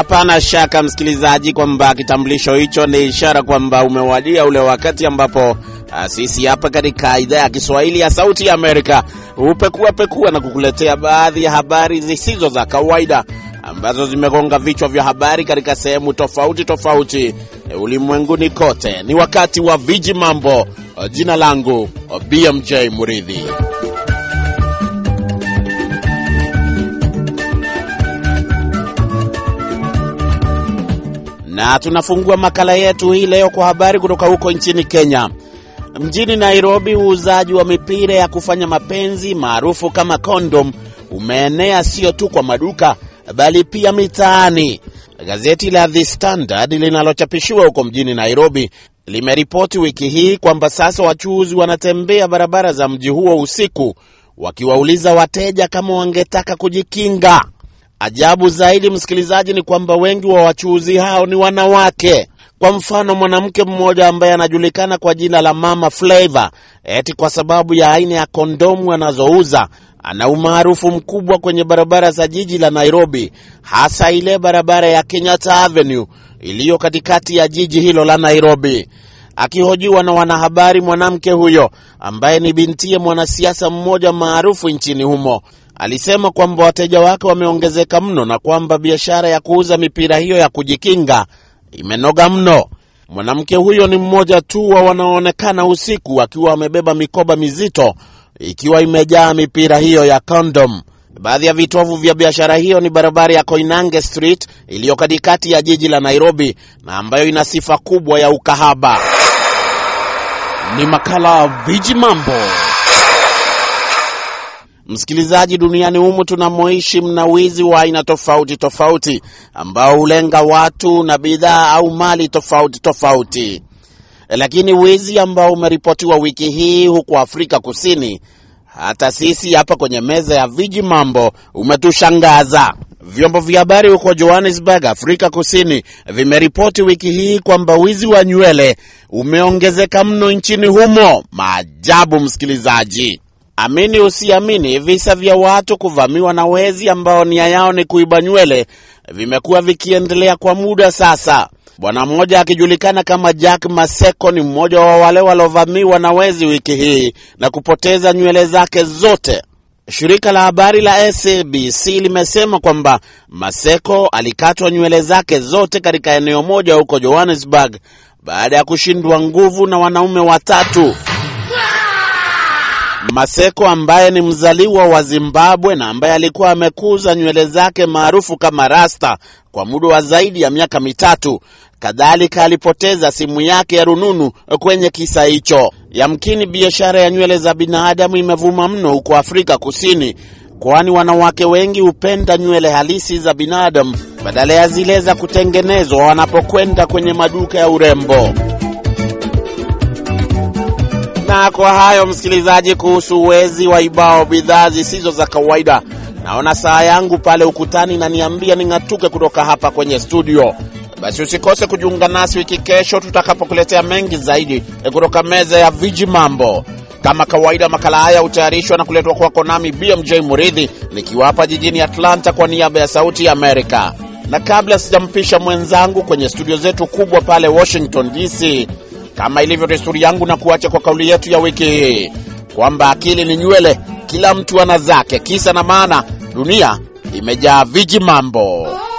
Hapana shaka msikilizaji, kwamba kitambulisho hicho ni ishara kwamba umewadia ule wakati ambapo ah, sisi hapa katika idhaa ya Kiswahili ya Sauti ya Amerika hupekuapekua na kukuletea baadhi ya habari zisizo za kawaida ambazo zimegonga vichwa vya habari katika sehemu tofauti tofauti ulimwenguni kote. Ni wakati wa Viji Mambo. Jina langu BMJ Muridhi. Na tunafungua makala yetu hii leo kwa habari kutoka huko nchini Kenya. Mjini Nairobi, uuzaji wa mipira ya kufanya mapenzi maarufu kama kondom umeenea sio tu kwa maduka bali pia mitaani. Gazeti la The Standard linalochapishiwa huko mjini Nairobi limeripoti wiki hii kwamba sasa wachuuzi wanatembea barabara za mji huo usiku wakiwauliza wateja kama wangetaka kujikinga. Ajabu zaidi, msikilizaji, ni kwamba wengi wa wachuuzi hao ni wanawake. Kwa mfano, mwanamke mmoja ambaye anajulikana kwa jina la Mama Flavor, eti kwa sababu ya aina ya kondomu anazouza ana umaarufu mkubwa kwenye barabara za jiji la Nairobi, hasa ile barabara ya Kenyatta Avenue iliyo katikati ya jiji hilo la Nairobi. Akihojiwa na wanahabari, mwanamke huyo ambaye ni bintiye mwanasiasa mmoja maarufu nchini humo alisema kwamba wateja wake wameongezeka mno na kwamba biashara ya kuuza mipira hiyo ya kujikinga imenoga mno. Mwanamke huyo ni mmoja tu wa wanaoonekana usiku akiwa wamebeba mikoba mizito ikiwa imejaa mipira hiyo ya kondom. Baadhi ya vitovu vya biashara hiyo ni barabara ya Koinange Street iliyo katikati ya jiji la Nairobi na ambayo ina sifa kubwa ya ukahaba. Ni makala Vijimambo. Msikilizaji, duniani humu tunamoishi mna wizi wa aina tofauti tofauti ambao hulenga watu na bidhaa au mali tofauti tofauti, eh, lakini wizi ambao umeripotiwa wiki hii huko Afrika Kusini, hata sisi hapa kwenye meza ya viji mambo umetushangaza. Vyombo vya habari huko Johannesburg, Afrika Kusini, vimeripoti wiki hii kwamba wizi wa nywele umeongezeka mno nchini humo. Maajabu, msikilizaji. Amini usiamini, visa vya watu kuvamiwa na wezi ambao nia yao ni kuiba nywele vimekuwa vikiendelea kwa muda sasa. Bwana mmoja akijulikana kama Jack Maseko ni mmoja wa wale waliovamiwa na wezi wiki hii na kupoteza nywele zake zote. Shirika la habari la SABC limesema kwamba Maseko alikatwa nywele zake zote katika eneo moja huko Johannesburg baada ya kushindwa nguvu na wanaume watatu. Maseko ambaye ni mzaliwa wa Zimbabwe na ambaye alikuwa amekuza nywele zake maarufu kama rasta kwa muda wa zaidi ya miaka mitatu. Kadhalika alipoteza simu yake ya rununu kwenye kisa hicho. Yamkini biashara ya nywele za binadamu imevuma mno huko Afrika Kusini, kwani wanawake wengi hupenda nywele halisi za binadamu badala ya zile za kutengenezwa wanapokwenda kwenye maduka ya urembo. Na kwa hayo msikilizaji, kuhusu wezi ibao bidhaa zisizo za kawaida, naona saa yangu pale ukutani inaniambia ning'atuke kutoka hapa kwenye studio. Basi usikose kujiunga nasi wiki kesho tutakapokuletea mengi zaidi e, kutoka meza ya viji mambo. Kama kawaida, makala haya hutayarishwa na kuletwa kwako nami BMJ Muridhi, nikiwa hapa jijini Atlanta kwa niaba ya Sauti ya Amerika. Na kabla sijampisha mwenzangu kwenye studio zetu kubwa pale Washington DC, kama ilivyo desturi yangu, na kuacha kwa kauli yetu ya wiki hii kwamba akili ni nywele, kila mtu ana zake. Kisa na maana, dunia imejaa viji mambo.